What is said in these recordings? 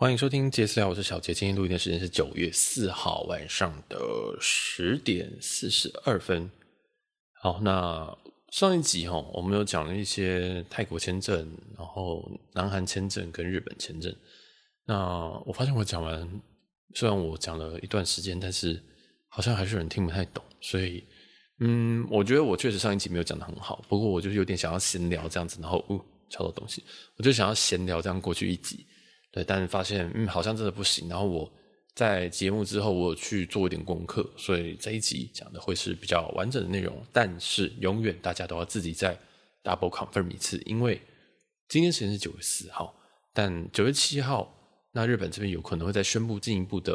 歡迎收聽傑私聊，我是小杰。今天錄音的時間是九月四號晚上的十點四十二分。好，那上一集哈、哦，我們有講了一些泰國簽證，然後南韓簽證跟日本簽證。那我發現我講完，雖然我講了一段時間，但是好像還是有人聽不太懂。所以，嗯，我覺得我確實上一集沒有講得很好。不過，我就是有點想要閒聊這樣子，然後嗚，超、哦、多東西，我就想要閒聊這樣過去一集。對，但是發現嗯，好像真的不行。然後我在節目之後，我有去做一點功課，所以這一集講的會是比較完整的內容。但是永遠大家都要自己再 double confirm 一次，因為今天時間是九月四號，但九月七號那日本這邊有可能會再宣布進一步的，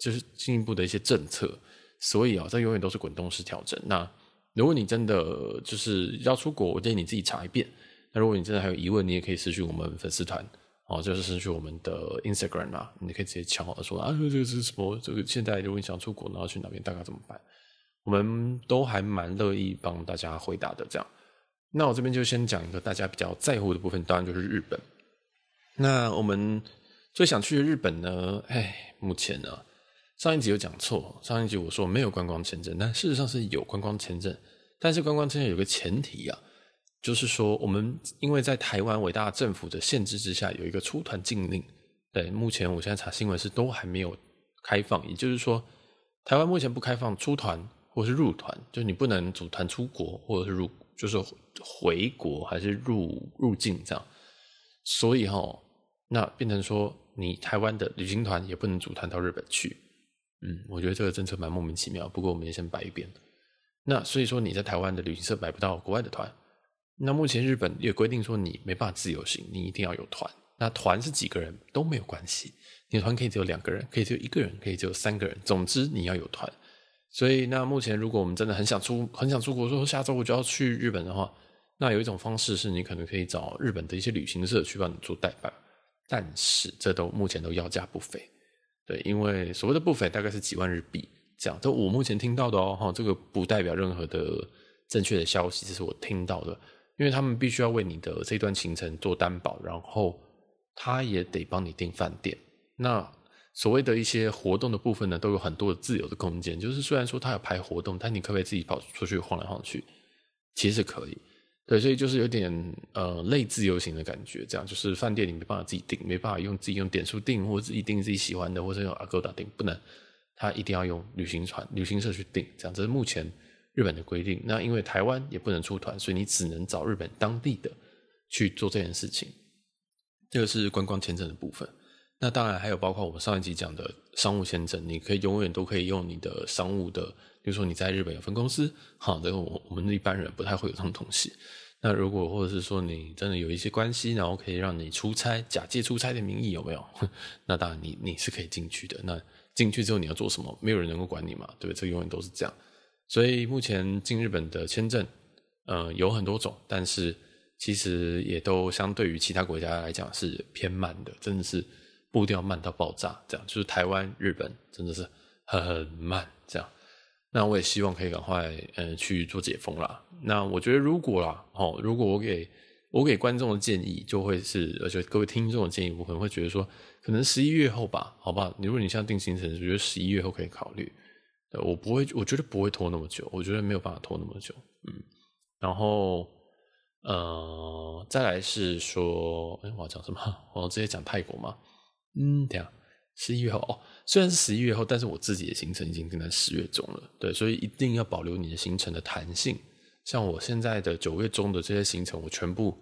就是進一步的一些政策。所以啊，這永遠都是滾動式調整。那如果你真的就是要出國，我建議你自己查一遍。那如果你真的還有疑問，你也可以私訊我們粉絲團。哦，就是失去我們的 Instagram 啊，你可以直接敲我說啊，這個是什麼？這個現在如果你想出國然後去哪邊大概怎麼辦？我們都還蠻樂意幫大家回答的。這樣，那我這邊就先講一個大家比較在乎的部分，當然就是日本。那我們最想去的日本呢？唉，目前呢，上一集有講錯，上一集我說沒有觀光簽證，但事實上是有觀光簽證，但是觀光簽證有個前提呀、啊。就是說，我們因為在台灣偉大政府的限制之下，有一個出團禁令。對，目前我現在查新聞是都還沒有開放。也就是說，台灣目前不開放出團或是入團，就是你不能組團出國或者是入，就是回國還是入入境這樣。所以哈，那變成說，你台灣的旅行團也不能組團到日本去。嗯，我覺得這個政策蠻莫名其妙。不過我們也先擺一邊。那所以說，你在台灣的旅行社買不到國外的團。那目前日本也規定說，你沒辦法自由行，你一定要有團。那團是幾個人都沒有關係，你團可以只有兩個人，可以只有一個人，可以只有三個人，總之你要有團。所以，那目前如果我們真的很想出，很想出國，說下周我就要去日本的話，那有一種方式是你可能可以找日本的一些旅行社去幫你做代辦，但是這都目前都要價不菲。對，因為所謂的不菲大概是幾萬日幣這樣。這我目前聽到的哦，這個不代表任何的正確的消息，這是我聽到的。因為他們必須要為你的這段行程做擔保，然後他也得幫你訂飯店。那所謂的一些活動的部分呢，都有很多的自由的空間。就是雖然說他有排活動，但你可不可以自己跑出去晃來晃去？其實可以。對，所以就是有點呃，類自由行的感覺。這樣就是飯店你沒辦法自己訂，沒辦法用自己用點數訂，或者自己訂自己喜歡的，或者用 Agoda 訂，不能。他一定要用旅行團、旅行社去訂。這樣這是目前日本的規定，那因為台灣也不能出團，所以你只能找日本當地的去做這件事情，這個是觀光簽證的部分。那當然還有包括我們上一集講的商務簽證，你可以永遠都可以用你的商務的，比如說你在日本有分公司，好，這個我我們一般人不太會有這種東西。那如果或者是說你真的有一些關係，然後可以讓你出差，假借出差的名義有沒有？那當然你你是可以進去的。那進去之後你要做什麼？沒有人能夠管你嘛，對不對？這永遠都是這樣。所以目前進日本的簽證，嗯、呃，有很多種，但是其實也都相對於其他國家來講是偏慢的，真的是步調慢到爆炸，這樣就是台灣、日本真的是很，很慢這樣。那我也希望可以趕快呃去做解封啦，那我覺得如果啦齁，如果我給我給觀眾的建議，就會是而且各位聽眾的建議，我可能會覺得說，可能十一月後吧，好不好？你如果你現在定行程，我覺得十一月後可以考慮。我不會，我覺得不會拖那麼久，我覺得沒有辦法拖那麼久，嗯，然後呃，再來是說，哎，我要講什麼？我要直接講泰國嗎？嗯，這樣，十一月後哦，雖然是十一月後，但是我自己的行程已經定在十月中了，對，所以一定要保留你的行程的彈性。像我現在的九月中的這些行程，我全部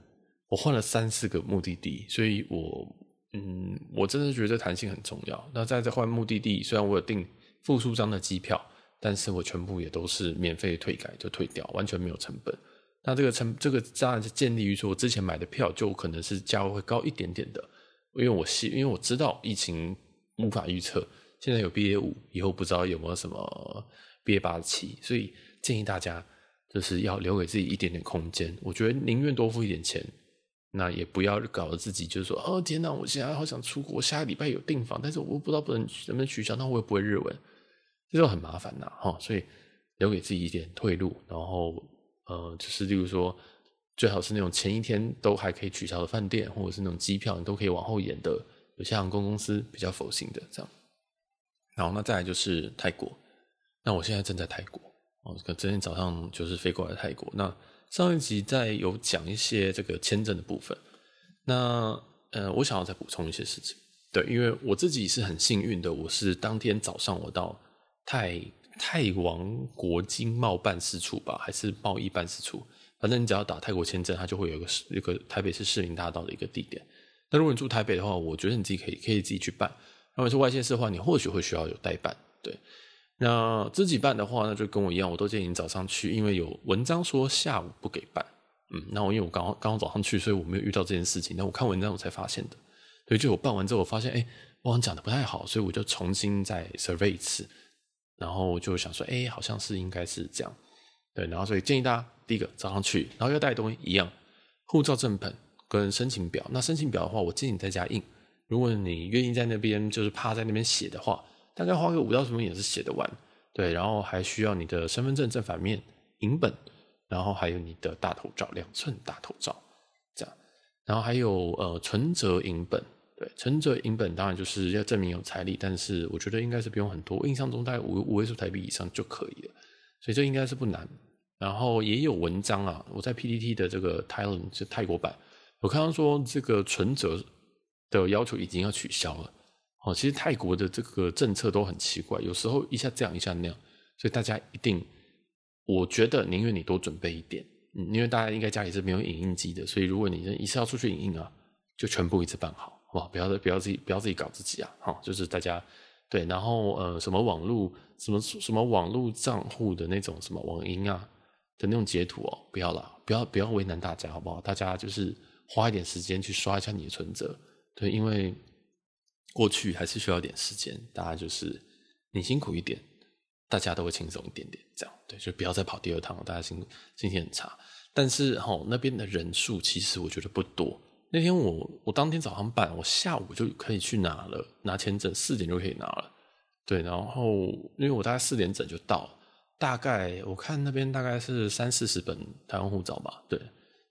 我換了三四個目的地，所以我嗯，我真的覺得彈性很重要。那再再換目的地，雖然我有定。複數張的機票，但是我全部也都是免費退改就退掉，完全沒有成本。那這個成這個當然是建立於說我之前買的票就可能是價位會高一點點的，因為我因為我知道疫情無法預測，現在有畢業五，以後不知道有沒有什麼畢業八期，7, 所以建議大家就是要留給自己一點點空間。我覺得寧願多付一點錢，那也不要搞得自己就是說哦天哪、啊，我現在好想出國，我下個禮拜有訂房，但是我不知道不能能不能取消，那我也不會日文。這就很麻煩啦，啊，哈，所以留給自己一點退路，然後呃，就是例如說，最好是那種前一天都還可以取消的飯店，或者是那種機票，你都可以往後延的。有些航空公司比較佛心的這樣。好，那再來就是泰國，那我現在正在泰國哦，昨天早上就是飛過來泰國。那上一集在有講一些這個簽證的部分，那呃，我想要再補充一些事情，對，因為我自己是很幸運的，我是當天早上我到。泰泰王國經貿辦事處吧，還是貿易辦事處？反正你只要打泰國簽證，它就會有一個一個台北市市民大道的一個地點。那如果你住台北的話，我覺得你自己可以可以自己去辦。如果是外縣市的話，你或許會需要有代辦。對，那自己辦的話，那就跟我一樣，我都建議你早上去，因為有文章說下午不給辦。嗯，那我因為我剛剛剛早上去，所以我沒有遇到這件事情。那我看文章我才發現的。對，就我辦完之後，我發現哎，我好像講的不太好，所以我就重新再 survey 一次。然後就想說，哎，好像是應該是這樣，對。然後所以建議大家，第一個早上去，然後要帶東西一樣，護照正本跟申請表。那申請表的話，我建議你在家印。如果你願意在那邊就是趴在那邊寫的話，大概花個五到十分鐘也是寫得完。對，然後還需要你的身份證正反面影本，然後還有你的大頭照，兩寸大頭照這樣，然後還有呃存折影本。對，存摺影本當然就是要證明有財力，但是我覺得應該是不用很多，我印象中大概五五位數台幣以上就可以了，所以這應該是不難。然後也有文章啊，我在 PTT 的這個泰文是泰國版，我看到說這個存摺的要求已經要取消了。哦，其實泰國的這個政策都很奇怪，有時候一下這樣，一下那樣，所以大家一定，我覺得寧願你多準備一點，嗯，因為大家應該家裡是沒有影印機的，所以如果你一次要出去影印啊，就全部一次辦好。哦，不要自不要自己不要自己搞自己啊！哦，就是大家，對，然後呃，什麼網絡什麼什麼網絡賬戶的那種什麼網銀啊的那種截圖，哦，不要了，不要不要為難大家好不好？大家就是花一點時間去刷一下你的存摺，對，因為過去還是需要一點時間。大家就是你辛苦一點，大家都會輕鬆一點點，這樣對，就不要再跑第二趟了。大家心心情很差，但是，哦，那邊的人數其實我覺得不多。那天我我當天早上辦，我下午就可以去拿了拿簽證，四點就可以拿了，對，然後因為我大概四點整就到，大概我看那邊大概是三四十本台灣護照吧，對，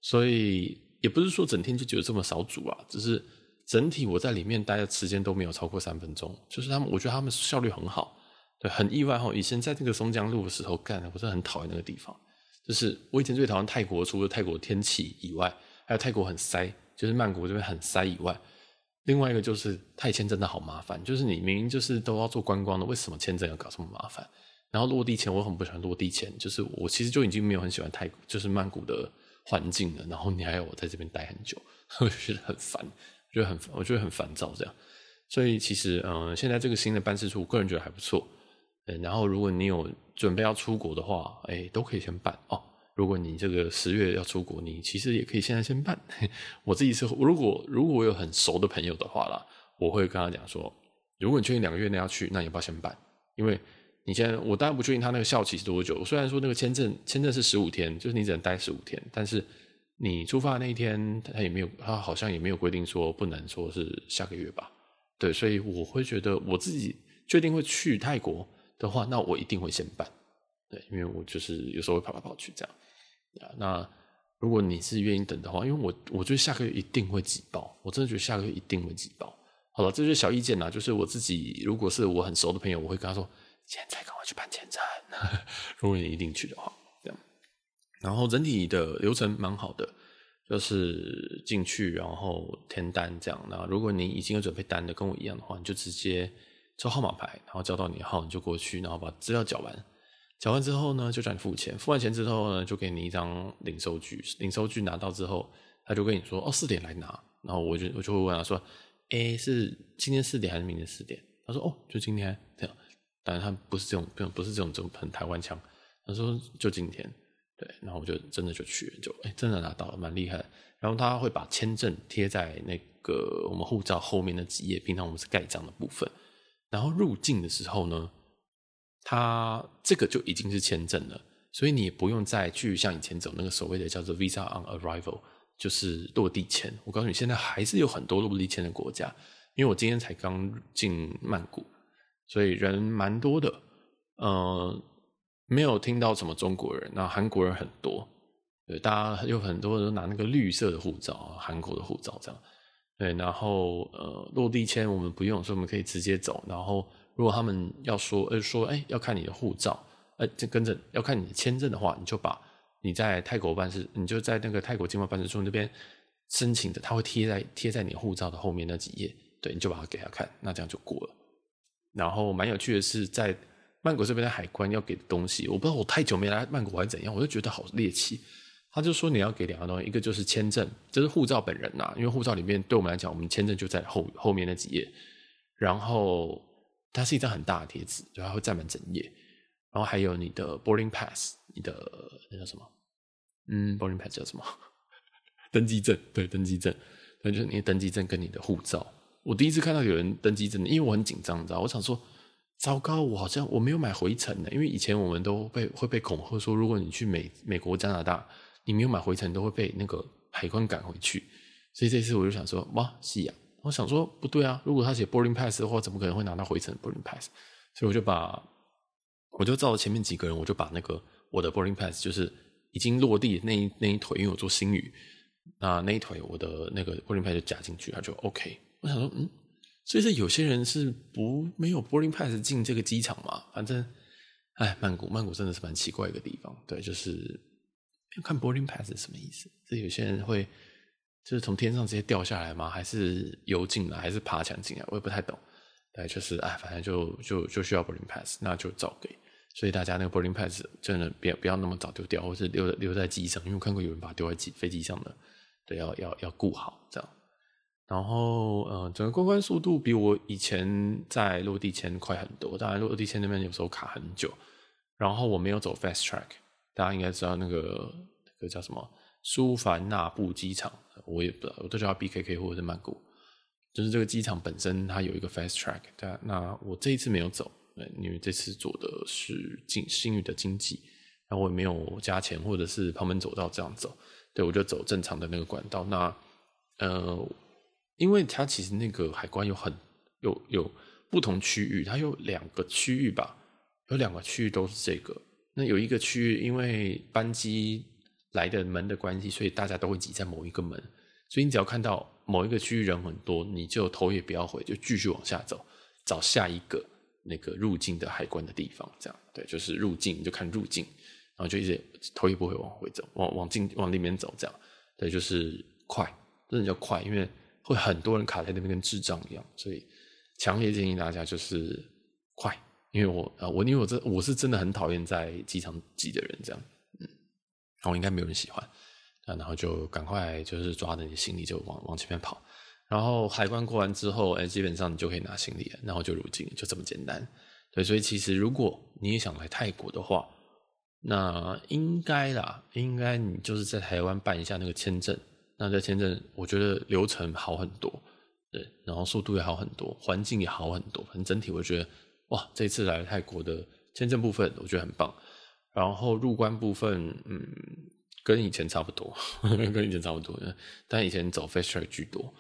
所以也不是說整天就只有這麼少組啊，只是整體我在裡面待的時間都沒有超過三分鐘，就是他們我覺得他們效率很好，對，很意外齁，以前在那個松江路的時候幹，我是很討厭那個地方，就是我以前最討厭泰國，除了泰國天氣以外，還有泰國很塞。就是曼谷這邊很塞以外，另外一個就是泰簽真的好麻煩，就是你明明就是都要做觀光的，為什麼簽證要搞這麼麻煩？然後落地簽我很不喜歡落地簽，就是我其實就已經沒有很喜歡泰國，就是曼谷的環境了。然後你還要我在這邊待很久，我就覺得很煩，就很我覺得很煩躁這樣。所以其實嗯、呃，現在這個新的辦事處，我個人覺得還不錯。嗯，然後如果你有準備要出國的話，哎、欸，都可以先辦哦。如果你這個十月要出國，你其實也可以現在先辦。 我自己是我如果，如果我有很熟的朋友的話啦，我會跟他講說，如果你確定兩個月內要去，那你要不要先辦？因為你現在我當然不確定他那個效期是多久。雖然說那個簽證簽證是十五天，就是你只能待十五天，但是你出發那一天他也沒有，他好像也沒有規定說不能說是下個月吧？對，所以我會覺得我自己確定會去泰國的話，那我一定會先辦。對，因為我就是有時候會跑來跑、跑去這樣。啊、那如果你是願意等的話，因為我我覺得下個月一定會擠爆，我真的覺得下個月一定會擠爆。好了，這是小意見啦，就是我自己，如果是我很熟的朋友，我會跟他說，現在趕快去辦簽證。如果你一定去的話，這樣。然後整體的流程蠻好的，就是進去然後填單這樣。那如果你已經有準備單的，跟我一樣的話，你就直接抽號碼牌，然後叫到你的號，你就過去，然後把資料繳完。繳完之後呢，就叫你付錢。付完錢之後呢，就給你一張領收據。領收據拿到之後，他就跟你說：“哦，四點來拿。”然後我就我就會問他說：“哎、欸，是今天四點還是明天四點？”他說：“哦，就今天。”這樣，當然他不是這種，不是這種這種很台灣腔。他說：“就今天。”對，然後我就真的就去，就誒、欸、真的拿到了，蠻厲害的。然後他會把簽證貼在那個我們護照後面的幾頁，平常我們是蓋章的部分。然後入境的時候呢。它這個就已經是簽證了，所以你也不用再去像以前走那個所謂的叫做 Visa on Arrival，就是落地簽。我告訴你，現在還是有很多落地簽的國家，因為我今天才剛進曼谷，所以人蠻多的。嗯，沒有聽到什麼中國人，那韓國人很多，對，大家有很多人都拿那個綠色的護照啊，韓國的護照這樣。對，然後呃，落地簽我們不用，所以我們可以直接走，然後。如果他們要說，呃，說，哎、欸，要看你的護照，哎、欸，就跟着要看你的簽證的話，你就把你在泰國辦事，你就在那個泰國經貿辦事處那邊申請的，他會貼在貼在你護照的後面那幾頁，對，你就把它給他看，那這樣就過了。然後蠻有趣的是，在曼谷這邊的海關要給的東西，我不知道我太久沒來曼谷還是怎樣，我就覺得好獵奇。他就說你要給兩個東西，一個就是簽證，就是護照本人吶、啊，因為護照裡面對我們來講，我們簽證就在後後面那幾頁，然後。它是一張很大的貼紙，對，它會占滿整頁。然後還有你的 boarding pass，你的那叫什麼？嗯，boarding pass 叫什麼？ 登機證，對，登機證。那就是你的登機證跟你的護照。我第一次看到有人登機證，因為我很緊張，你知道，我想說，糟糕，我好像我沒有買回程的，因為以前我們都被會被恐嚇說，如果你去美美國、加拿大，你沒有買回程都會被那個海關趕回去。所以這次我就想說，哇，是呀、啊。我想說不對啊，如果他寫 boarding pass 的話，怎麼可能會拿到回程 boarding pass？所以我就把我就照着前面幾個人，我就把那個我的 boarding pass 就是已經落地的那一那一腿，因為我坐星宇，那那一腿我的那個 boarding pass 就加進去，他就 OK。我想說，嗯，所以這有些人是不沒有 boarding pass 進這個機場嘛？反正，哎，曼谷曼谷真的是蠻奇怪一個地方，對，就是要看 boarding pass 是什麼意思，所以有些人會。就是從天上直接掉下來嗎？還是游進來？還是爬牆進來？我也不太懂。哎，就是哎，反正就就就需要 boarding pass，那就照給。所以大家那個 boarding pass 真的不要，不要那麼早丟掉，或是丟在留在機上，因為我看過有人把它丟在機飛機上的。對，要要要顧好這樣。然後，呃，整個過關速度比我以前在落地簽快很多。當然，落地簽那邊有時候卡很久。然後我沒有走 fast track，大家應該知道那個那個叫什麼蘇凡納布機場。我也不知道，我都叫他 BKK 或者是曼谷，就是這個機場本身它有一個 fast track。對啊，那我這一次沒有走，因為這次坐的是經星宇的經濟，然後我也沒有加錢或者是旁門左道這樣走，對我就走正常的那個管道。那呃，因為它其實那個海關有很有有不同區域，它有兩個區域吧，有兩個區域都是這個，那有一個區域因為班機來的門的關係，所以大家都會擠在某一個門。所以你只要看到某一個區域人很多，你就頭也不要回，就繼續往下走，找下一個那個入境的海關的地方。這樣對，就是入境，就看入境，然後就一直頭也不會往回走，往往進往裡面走。這樣對，就是快，真的叫快，因為會很多人卡在那邊，跟智障一樣。所以強烈建議大家就是快，因為我啊、呃，我因為我這我是真的很討厭在機場擠的人，這樣。然後應該沒有人喜歡，啊、然後就趕快就是抓着你的行李就往往前面跑，然後海關過完之後，哎、欸，基本上你就可以拿行李了，然後就入境就這麼簡單。對，所以其實如果你也想來泰國的話，那應該啦，應該你就是在台灣辦一下那個簽證。那在簽證，我覺得流程好很多，對，然後速度也好很多，環境也好很多，很整體我覺得，哇，這次來泰國的簽證部分我覺得很棒。然後入關部分，嗯，跟以前差不多， 跟以前差不多。但以前走 fast track 居多，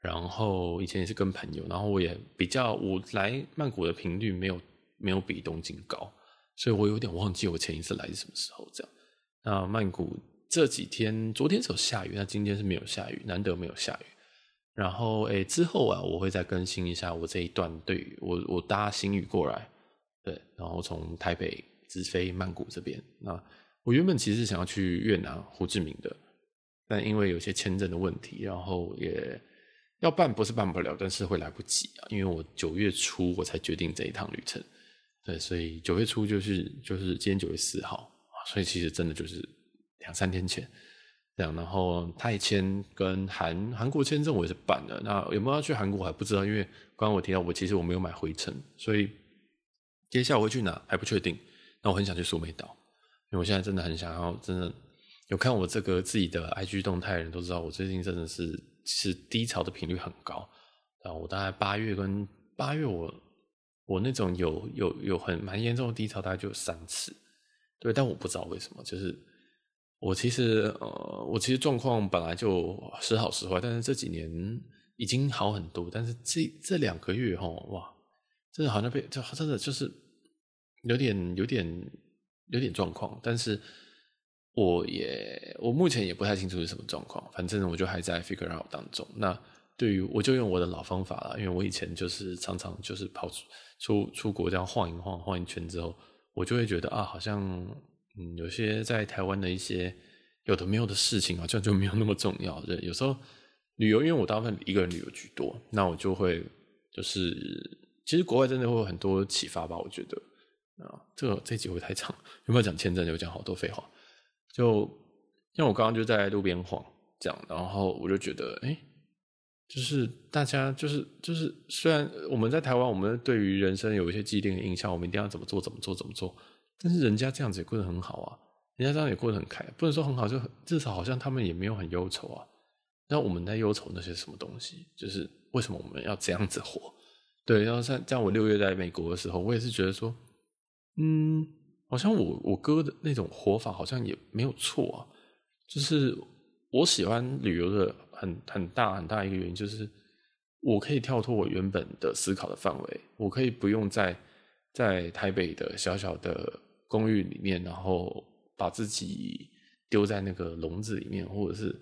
然後以前也是跟朋友，然後我也比較，我來曼谷的頻率沒有沒有比東京高，所以我有點忘記我前一次來是什麼時候。這樣，那曼谷這幾天，昨天是有下雨，那今天是沒有下雨，難得沒有下雨。然後，哎，之後啊，我會再更新一下我這一段對於我我搭星宇過來，對，然後從台北，直飛曼谷這邊。那我原本其實想要去越南胡志明的，但因為有些簽證的問題，然後也要辦，不是辦不了，但是會來不及啊。因為我九月初我才決定這一趟旅程，對，所以九月初就是就是今天九月四號，所以其實真的就是兩三天前這樣。然後泰簽跟韓韓國簽證我也是辦了，那有沒有要去韓國我還不知道，因為剛剛我提到我其實我沒有買回程，所以接下來我會去哪還不確定。那我很想去蘇梅島，因為我現在真的很想要，真的有看我這個自己的 IG 動態的人都知道，我最近真的是其實低潮的頻率很高啊！我大概八月跟八月，我我那種有有有很蠻嚴重的低潮，大概就有三次。對，但我不知道為什麼，就是我其實呃，我其實狀況本來就時好時壞，但是這幾年已經好很多，但是這這兩個月哦，哇，真的好像被就真的就是。有點有點有點狀況，但是我也我目前也不太清楚是什麼狀況，反正我就還在 figure out 當中。那對於我就用我的老方法了，因為我以前就是常常就是跑出出出國這樣晃一晃晃一圈之後，我就會覺得啊，好像嗯有些在台灣的一些有的沒有的事情好像就沒有那麼重要。對，有時候旅遊，因為我大部分一個人旅遊居多，那我就會就是其實國外真的會有很多啟發吧，我覺得。啊，這個這集會太長，有沒有講簽證？有講好多廢話。就像我剛剛就在路邊晃講，然後我就覺得，哎，就是大家就是就是，雖然我們在台灣，我們對於人生有一些既定的印象，我們一定要怎麼做怎麼做怎麼做，怎麼做。但是人家這樣子也過得很好啊，人家這樣也過得很開，不能說很好，就至少好像他們也沒有很憂愁啊。那我們在憂愁那些什麼東西？就是為什麼我們要這樣子活？對，然後像像我六月在美國的時候，我也是覺得說。嗯，好像我我哥的那種活法好像也沒有錯啊。就是我喜歡旅遊的很很大很大一個原因，就是我可以跳脫我原本的思考的範圍，我可以不用在在台北的小小的公寓裡面，然後把自己丟在那個籠子裡面，或者是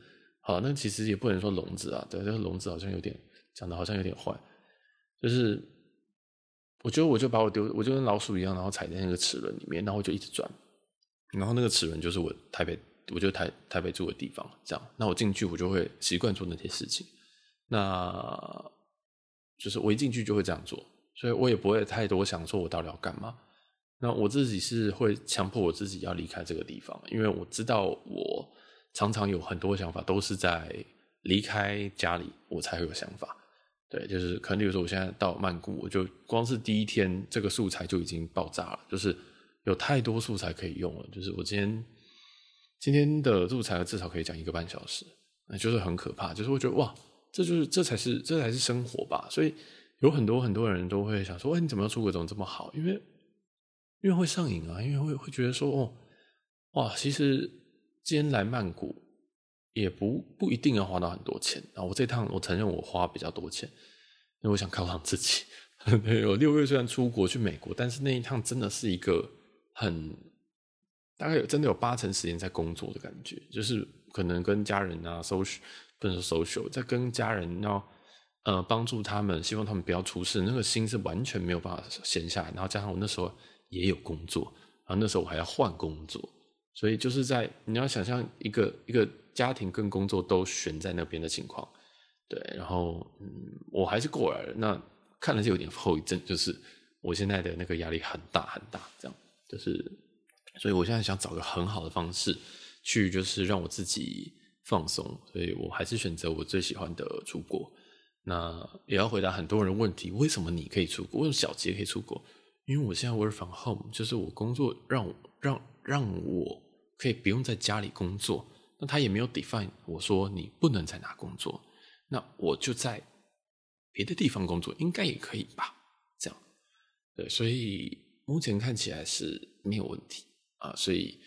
好，那其實也不能說籠子啊，對，這個籠子好像有點講得好像有點壞，就是。我覺得我就把我丟，我就跟老鼠一樣，然後踩在那個齒輪裡面，然後我就一直轉。然後那個齒輪就是我台北，我就台台北住的地方，這樣。那我進去我就會習慣做那些事情。那就是我一進去就會這樣做，所以我也不會太多想說我到底要幹嘛。那我自己是會強迫我自己要離開這個地方，因為我知道我常常有很多想法都是在離開家裡我才會有想法。對，就是可能，比如說我現在到曼谷，我就光是第一天這個素材就已經爆炸了，就是有太多素材可以用了。就是我今天今天的素材至少可以講一個半小時，就是很可怕。就是我覺得哇，這就是這才是這才是生活吧。所以有很多很多人都會想說，哎，你怎麼又出國，怎麼這麼好？因為因為會上癮啊，因為會會覺得說，哦，哇，其實今天來曼谷。也不不一定要花到很多錢，然後我這一趟我承認我花比較多錢，因為我想犒賞自己。 我六月雖然出國去美國，但是那一趟真的是一個很，大概有真的有八成時間在工作的感覺，就是可能跟家人啊，social 不能說 social，在跟家人要呃幫助他們，希望他們不要出事，那個心是完全沒有辦法閒下來。然後加上我那時候也有工作，然後那時候我還要換工作，所以就是在，你要想象一個一個。一個家庭跟工作都懸在那邊的情況，對，然後嗯，我還是過來了。那看了是有點後遺症，就是我現在的那個壓力很大很大，這樣就是，所以我現在想找個很好的方式去，就是讓我自己放鬆。所以我還是選擇我最喜歡的出國。那也要回答很多人問題：為什麼你可以出國？為什麼小杰可以出國？因為我現在 work from home，就是我工作讓我讓讓我可以不用在家裡工作。那他也沒有 define 我說你不能在哪工作，那我就在別的地方工作應該也可以吧？這樣，對，所以目前看起來是沒有問題啊，所以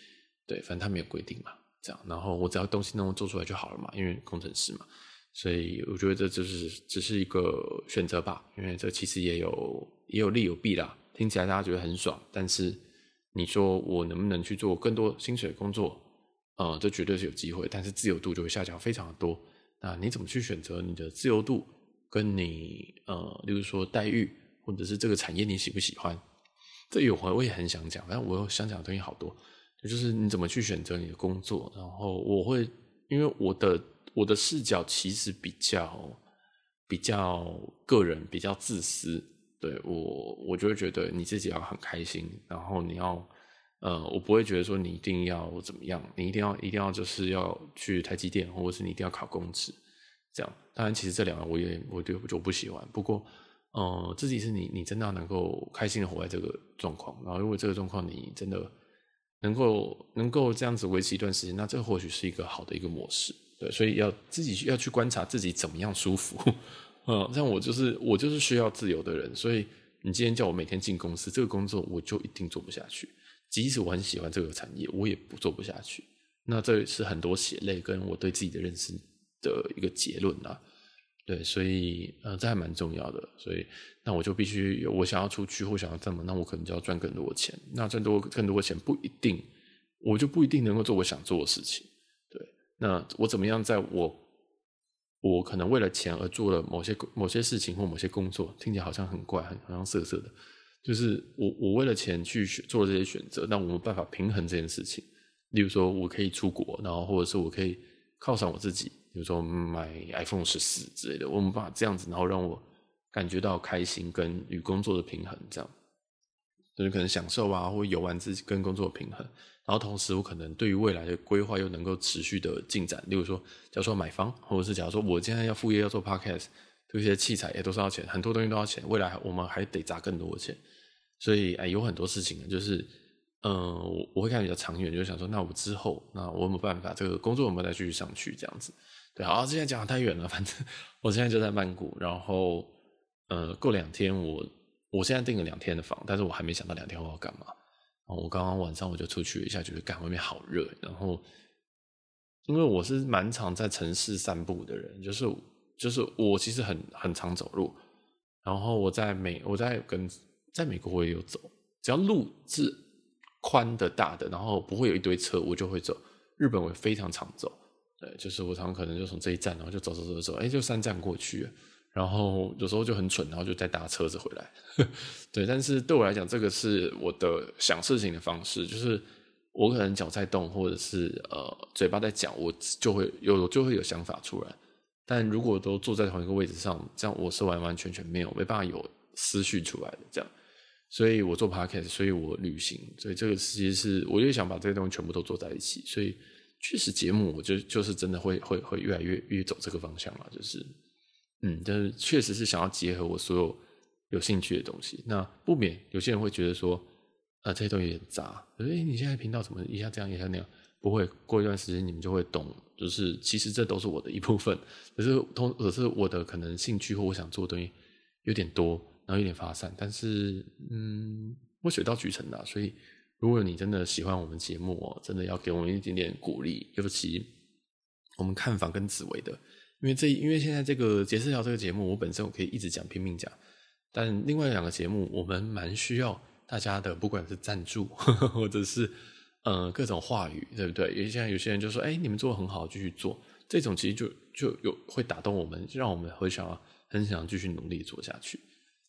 對，反正他沒有規定嘛，這樣，然後我只要東西能夠做出來就好了嘛，因為工程師嘛，所以我覺得這就是只是一個選擇吧，因為這其實也有也有利有弊啦，聽起來大家覺得很爽，但是你說我能不能去做更多薪水的工作？呃，這絕對是有機會，但是自由度就會下降非常的多。那你怎麼去選擇你的自由度，跟你呃，例如說待遇，或者是這個產業你喜不喜歡？這有回，我也很想講，反正我想講的東西好多。就是你怎麼去選擇你的工作，然後我會，因為我的我的視角其實比較比較個人，比較自私。對，我，我就會覺得你自己要很開心，然後你要。呃，我不會覺得說你一定要怎麼樣，你一定要一定要就是要去台積電，或者是你一定要考公職，這樣。當然，其實這兩個我也我對就不喜歡。不過，呃，自己是你你真的能夠開心的活在這個狀況，然後如果這個狀況你真的能夠能夠這樣子維持一段時間，那這個或許是一個好的一個模式。對，所以要自己要去觀察自己怎麼樣舒服。嗯，像我就是我就是需要自由的人，所以你今天叫我每天進公司，這個工作我就一定做不下去。即使我很喜歡這個產業，我也不做不下去。那這是很多血淚跟我對自己的認識的一個結論啊。對，所以呃，這還蠻重要的。所以，那我就必須，我想要出去或想要怎麼，那我可能就要賺更多的錢。那賺多更多的錢不一定，我就不一定能夠做我想做的事情。對，那我怎麼樣，在我我可能為了錢而做了某些某些事情或某些工作，聽起來好像很怪，很好像色色的。就是我，我為了錢去做這些選擇，但我沒辦法平衡這件事情。例如說，我可以出國，然後或者是我可以犒賞我自己，比如說買 iPhone 十四之類的，我沒辦法這樣子，然後讓我感覺到開心跟與工作的平衡。這樣，就是可能享受啊，或遊玩自己跟工作的平衡，然後同時我可能對於未來的規劃又能夠持續的進展。例如說，假如說買房，或者是假如說我現在要副業要做 Podcast。有些器材也、欸、都是要錢，很多東西都要錢。未來我們還得砸更多的錢，所以、欸、有很多事情就是，嗯、呃，我會看比較長遠，就是、想說，那我之後，那我有沒有辦法，這個工作有沒有再繼續上去？這樣子，對啊。現在講得太遠了，反正我現在就在曼谷，然後，呃，過兩天我我現在訂了兩天的房，但是我還沒想到兩天我要幹嘛。然後我剛剛晚上我就出去了一下，就是幹，外面好熱。然後，因為我是蠻常在城市散步的人，就是。就是我其實很很常走路，然後我在美我在跟在美國我也有走，只要路是寬的大的，然後不會有一堆車，我就會走。日本我也非常常走，對，就是我常，常可能就從這一站，然後就走走走走走，哎、欸，就三站過去，然後有時候就很蠢，然後就再搭車子回來。呵呵，對，但是對我來講，這個是我的想事情的方式，就是我可能腳在動，或者是呃嘴巴在講，我就會有就會有想法出來。但如果都坐在同一個位置上，這樣我是完完全全沒有沒辦法有思緒出來的這樣，所以我做 podcast，所以我旅行，所以這個其實是我就想把這些東西全部都做在一起，所以確實節目我就就是真的會會會越來越越走這個方向了，就是嗯，但、就是確實是想要結合我所有有興趣的東西，那不免有些人會覺得說，啊、呃，這些東西很雜，哎，你現在頻道怎麼一下這樣一下那樣。不會，過一段時間你們就會懂。就是其實這都是我的一部分，可是同可是我的可能興趣或我想做的東西有點多，然後有點發散，但是嗯，會水到渠成的、啊。所以如果你真的喜歡我們節目、哦，真的要給我們一點點鼓勵，尤其我們看房跟紫薇的，因為這因為現在這個傑私聊這個節目，我本身我可以一直講拼命講，但另外兩個節目我們蠻需要大家的，不管是贊助呵呵或者是。嗯，各種話語，對不對？因為現在有些人就說：“哎、欸，你們做得很好，繼續做。”這種其實就就有會打動我們，讓我們很想要、很想要繼續努力做下去。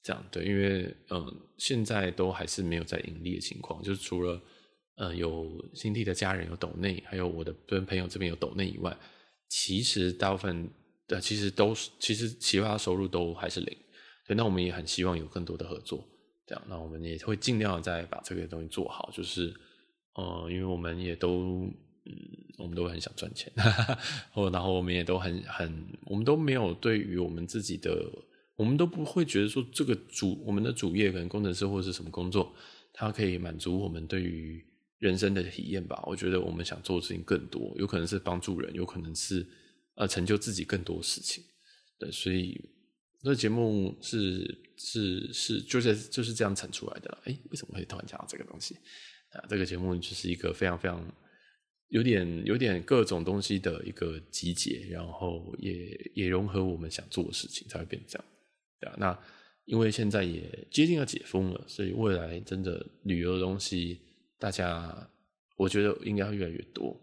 這樣對，因為嗯，現在都還是沒有在盈利的情況，就是除了嗯有新地的家人、有抖內，還有我的跟朋友這邊有抖內以外，其實大部分呃其實都是其實其他收入都還是零。對，那我們也很希望有更多的合作，這樣。那我們也會盡量再把這個東西做好，就是。嗯、因為我們也都，嗯、我們都很想賺錢、 哦，然後我們也都很很，我們都沒有對於我們自己的，我們都不會覺得說這個主我們的主業可能工程師或者是什麼工作，它可以滿足我們對於人生的體驗吧。我覺得我們想做的事情更多，有可能是幫助人，有可能是、呃、成就自己更多事情。對，所以這個節目是是是，就是就是這樣產出來的。哎、欸，為什麼會突然講到這個東西？這個節目就是一個非常非常有點有點各種東西的一個集結，然後也也融合我們想做的事情才會變成這樣。對啊，那因為現在也接近要解封了，所以未來真的旅遊的東西，大家我覺得應該要越來越多。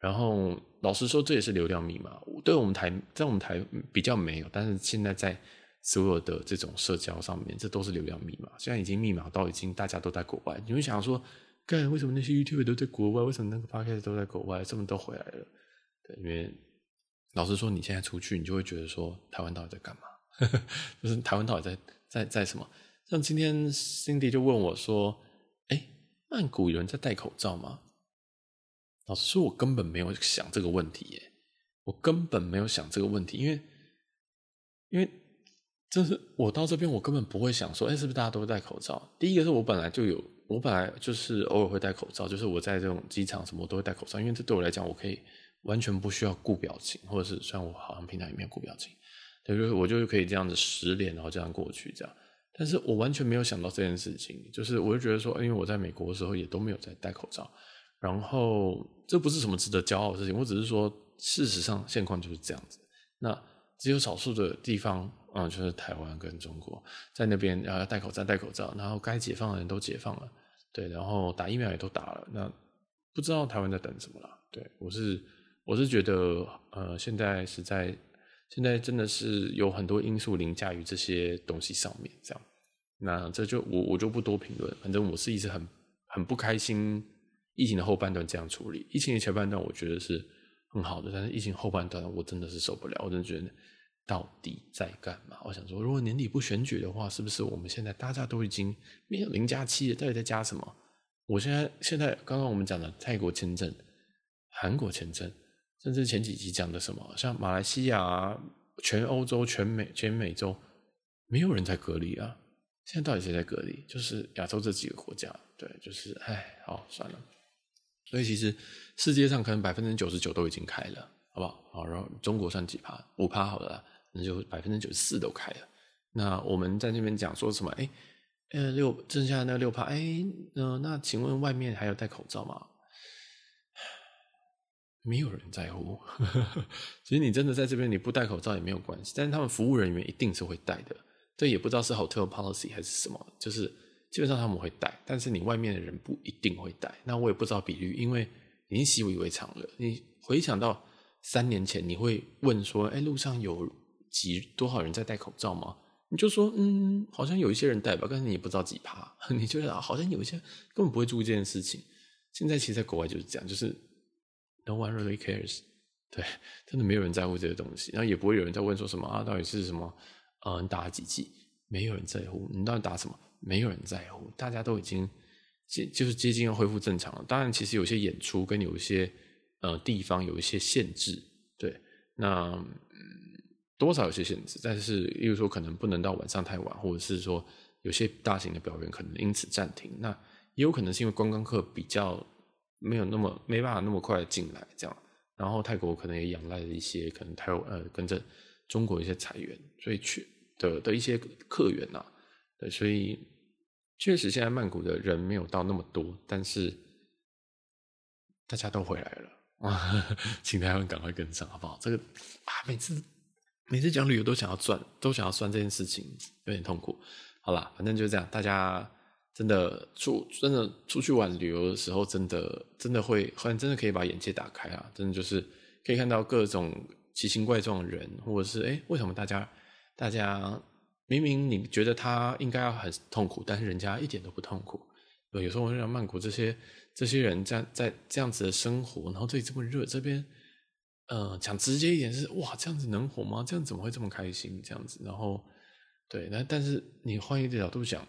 然後老實說，這也是流量密碼，我對我們台、在我們台比較沒有，但是現在在所有的這種社交上面，這都是流量密碼，現在已經密碼到已經大家都在國外，你會想說？幹，為什麼那些 YouTube 都在國外？為什麼那個 Podcast 都在國外？這麼都回來了？對，因為老實說，你現在出去，你就會覺得說，台灣到底在幹嘛？ 就是台灣到底在在在什麼？像今天 Cindy 就問我說：“哎、欸，曼谷有人在戴口罩嗎？”老實說，我根本沒有想這個問題耶，我根本沒有想這個問題，因為因為就是我到這邊，我根本不會想說，哎、欸，是不是大家都戴口罩？第一個是我本來就有。我本來就是偶爾會戴口罩，就是我在這種機場什麼我都會戴口罩，因為這對我來講，我可以完全不需要顧表情，或者是雖然我好像平常也沒有顧表情，對，就是我就可以這樣子失聯，然後這樣過去這樣。但是我完全沒有想到這件事情，就是我就覺得說，因為我在美國的時候也都沒有在戴口罩，然後這不是什麼值得驕傲的事情，我只是說，事實上現況就是這樣子，那只有少數的地方。嗯，就是台灣跟中國在那邊，然後，呃，戴口罩戴口罩，然後該解放的人都解放了，對，然後打疫苗也都打了，那不知道台灣在等什麼了？對，我是我是覺得，呃，現在是在現在真的是有很多因素凌駕於這些東西上面，這樣。那這就我我就不多評論，反正我是一直很很不開心疫情的後半段這樣處理，疫情的前半段我覺得是很好的，但是疫情後半段我真的是受不了，我真的覺得。到底在幹嘛？我想說，如果年底不選舉的話，是不是我們現在大家都已經沒有零加七了？到底在加什麼？我現在現在剛剛我們講的泰國簽證、韓國簽證，甚至前幾集講的什麼，像馬來西亞啊、全歐洲、全美、全美洲，沒有人在隔離啊。現在到底誰在隔離？就是亞洲這幾個國家，對，就是，哎，好，算了。所以其實世界上可能百分之九十九都已經開了，好不好？好，然後中國算幾趴？五趴好了。那就百分之九十四都開了。那我們在那邊講說什麼？哎、欸欸，呃，六剩下那六趴，哎，那請問外面還有戴口罩嗎？沒有人在乎。其 實你真的在這邊，你不戴口罩也沒有關係。但是他們服務人員一定是會戴的。這也不知道是 hotel policy 還是什麼，就是基本上他們會戴。但是你外面的人不一定會戴。那我也不知道比率，因為你已經習以為常了。你回想到三年前，你會問說，哎、欸，路上有？幾多少人在戴口罩嗎？你就說，嗯，好像有一些人戴吧，但是你也不知道幾趴。你就覺得好像有一些人根本不會注意這件事情。現在其實在國外就是這樣，就是 No one really cares，對，真的沒有人在乎這些東西，然後也不會有人在問說什麼啊，到底是什麼？嗯、啊，你打了幾劑？沒有人在乎你到底打什麼？沒有人在乎，大家都已經就是接近要恢復正常了。當然，其實有些演出跟有一些呃地方有一些限制，對，那。多少有些限制，但是，例如說，可能不能到晚上太晚，或者是說，有些大型的表演可能因此暫停。那也有可能是因為觀光客比較沒有那麼沒辦法那麼快進來，這樣。然後泰國可能也仰賴了一些可能泰國呃跟着中國一些財源，所以確的的一些客源啊，對，所以確實現在曼谷的人沒有到那麼多，但是大家都回來了啊，呵呵，請台灣趕快跟上好不好？這個啊，每次。每次講旅遊都想要賺，都想要算這件事情有點痛苦，好啦，反正就是這樣。大家真的出，真的出去玩旅遊的時候，真的真的會，好像真的可以把眼界打開啊！真的就是可以看到各種奇形怪狀的人，或者是哎，為什麼大家大家明明你覺得他應該要很痛苦，但是人家一點都不痛苦。有時候我會讓曼谷這些這些人在在這樣子的生活，然後這裡這麼熱，這邊。嗯，講、呃、直接一點是哇，這樣子能火嗎？這樣子怎麼會這麼開心？這樣子，然後對，那但是你換一個角度想，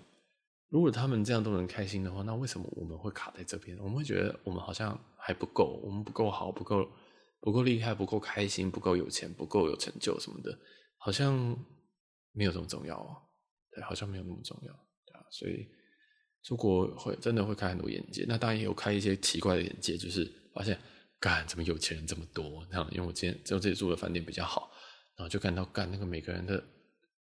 如果他們這樣都能開心的話，那為什麼我們會卡在這邊？我們會覺得我們好像還不夠，我們不夠好，不夠不夠厲害，不夠開心，不夠有錢，不夠有成就什麼的，好像沒有這麼重要啊。對，好像沒有那麼重要。對啊。所以出國會真的會開很多眼界，那當然也有開一些奇怪的眼界，就是發現。幹，怎麼有錢人這麼多？然後，因為我今天就自己住的飯店比較好，然後就看到幹那個每個人的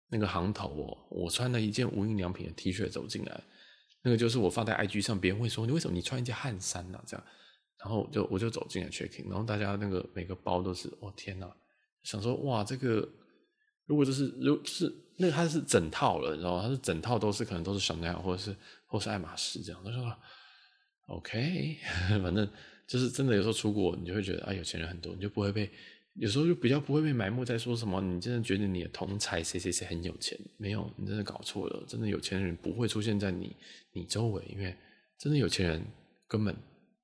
那個行頭哦，我穿了一件無印良品的 T 恤走進來，那個就是我發在 IG 上，別人會說你為什麼你穿一件汗衫啊？這樣，然後就我就走進來 checking，然後大家那個每個包都是，哦天啊，想說哇這個如果就是如果、就是那個它是整套了，你知道嗎？它是整套都是可能都是香奈兒或者是或者是愛馬仕這樣，他說 OK，反正。嗯。就是真的，有時候出國，你就會覺得啊，有錢人很多，你就不會被有時候就比較不會被埋沒在說什麼。你真的覺得你的同儕誰誰誰很有錢？沒有，你真的搞錯了。真的有錢人不會出現在你你周圍，因為真的有錢人根本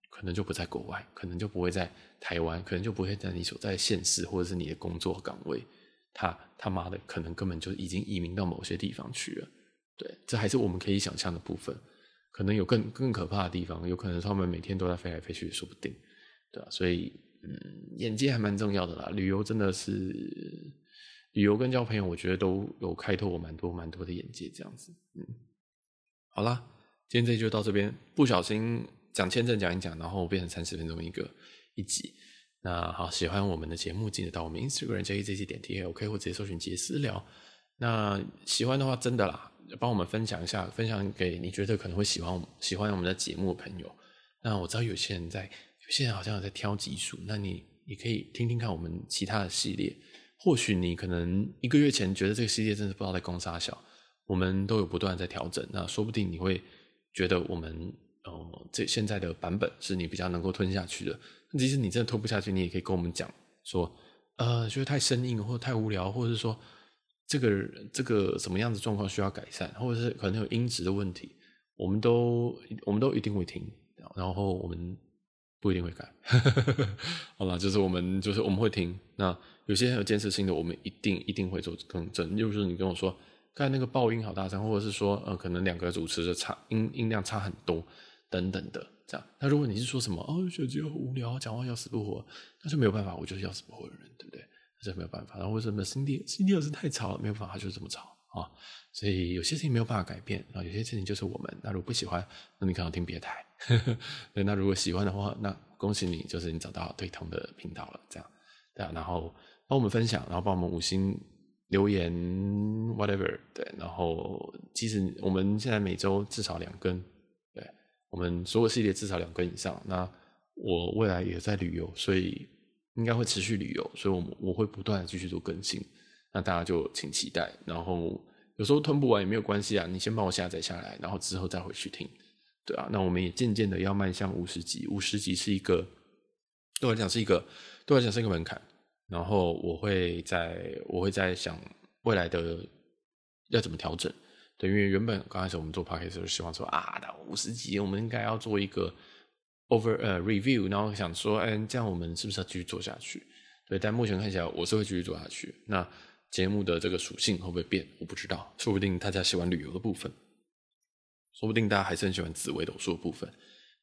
可能就不在國外，可能就不會在台灣，可能就不會在你所在的縣市或者是你的工作崗位。他他媽的可能根本就已經移民到某些地方去了。對，這還是我們可以想象的部分。可能有更更可怕的地方，有可能他們每天都在飛來飛去，說不定，對吧？啊？所以，嗯，眼界還蠻重要的啦。旅遊真的是，旅遊跟交朋友，我覺得都有開拓我蠻多蠻多的眼界，這樣子。嗯，好啦，今天這就到這邊。不小心講簽證講一講，然後變成三十分鐘一個一集。那好，喜歡我們的節目，記得到我們 Instagram jazz.talk，或者搜尋直接私聊。那喜歡的話，真的啦，幫我們分享一下，分享給你覺得可能會喜歡喜歡我們的節目的朋友。那我知道有些人在，有些人好像有在挑技術，那你你可以聽聽看我們其他的系列，或許你可能一個月前覺得這個系列真是不知道在攻殺小，我們都有不斷在調整，那說不定你會覺得我們，哦、呃，這現在的版本是你比較能夠吞下去的。那即使你真的吞不下去，你也可以跟我們講說，呃，覺得太生硬，或者太無聊，或者是說。這個這個什麼樣子狀況需要改善，或者是可能有音質的問題，我們都我們都一定會聽，然後我們不一定會改。 好了，就是我們就是我們會聽。那有些很有建設性的，我們一定一定會做更正。就是你跟我說剛才那個爆音好大聲，或者是說呃可能兩個主持的差音音量差很多等等的這樣。那如果你是說什麼啊、哦，小傑好無聊，講話要死不活，那就沒有辦法，我就是要死不活的人，對不對？這沒有辦法，然後為什麼心地新地有時太吵了，沒有辦法，它就是這麼吵啊。所以有些事情沒有辦法改變，啊，有些事情就是我們。那如果不喜歡，那你可能聽別台呵呵。對，那如果喜歡的話，那恭喜你，就是你找到對頭的頻道了。這樣，啊，然後幫我們分享，然後幫我們五星留言，whatever。對，然後其實我們現在每週至少兩更，對，我們所有系列至少兩更以上。那我未來也在旅遊，所以。應該會持續旅遊，所以我我會不斷的繼續做更新，那大家就請期待。然後有時候吞不完也沒有關係啊，你先幫我下載下來，然後之後再回去聽，對啊。那我們也漸漸的要邁向五十集，五十集是一個對我來講是一個對我來講是一個門檻。然後我會在我會在想未來的要怎麼調整，對，因為原本剛開始我們做 Podcast 就希望說啊，那五十集我們應該要做一個。Over a review，然後想說，哎，這樣我們是不是要繼續做下去？對，但目前看起來我是會繼續做下去。那節目的這個屬性會不會變，我不知道。說不定大家喜歡旅遊的部分，說不定大家還是很喜歡紫微斗數的部分。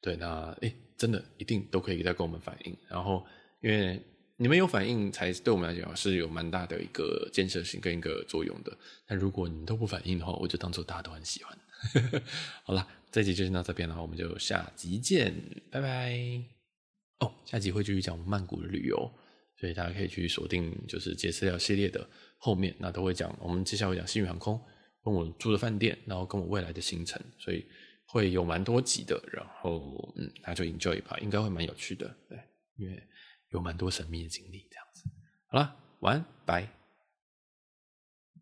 對，那哎、欸，真的一定都可以給他跟我們反映。然後，因為你們有反映，才對我們來講是有蠻大的一個建設性跟一個作用的。但如果你們都不反映的話，我就當做大家都很喜歡。 好了，這一集就先到這邊啦，然後我們就下集見，拜拜。哦，下集會繼續講曼谷的旅遊，所以大家可以去鎖定，就是傑私聊系列的後面，那都會講。我們接下來會講星宇航空，跟我住的飯店，然後跟我未來的行程，所以會有蠻多集的。然後，嗯，那就 enjoy 吧，應該會蠻有趣的，對，因為有蠻多神秘的經歷這樣子。好了，晚安，拜。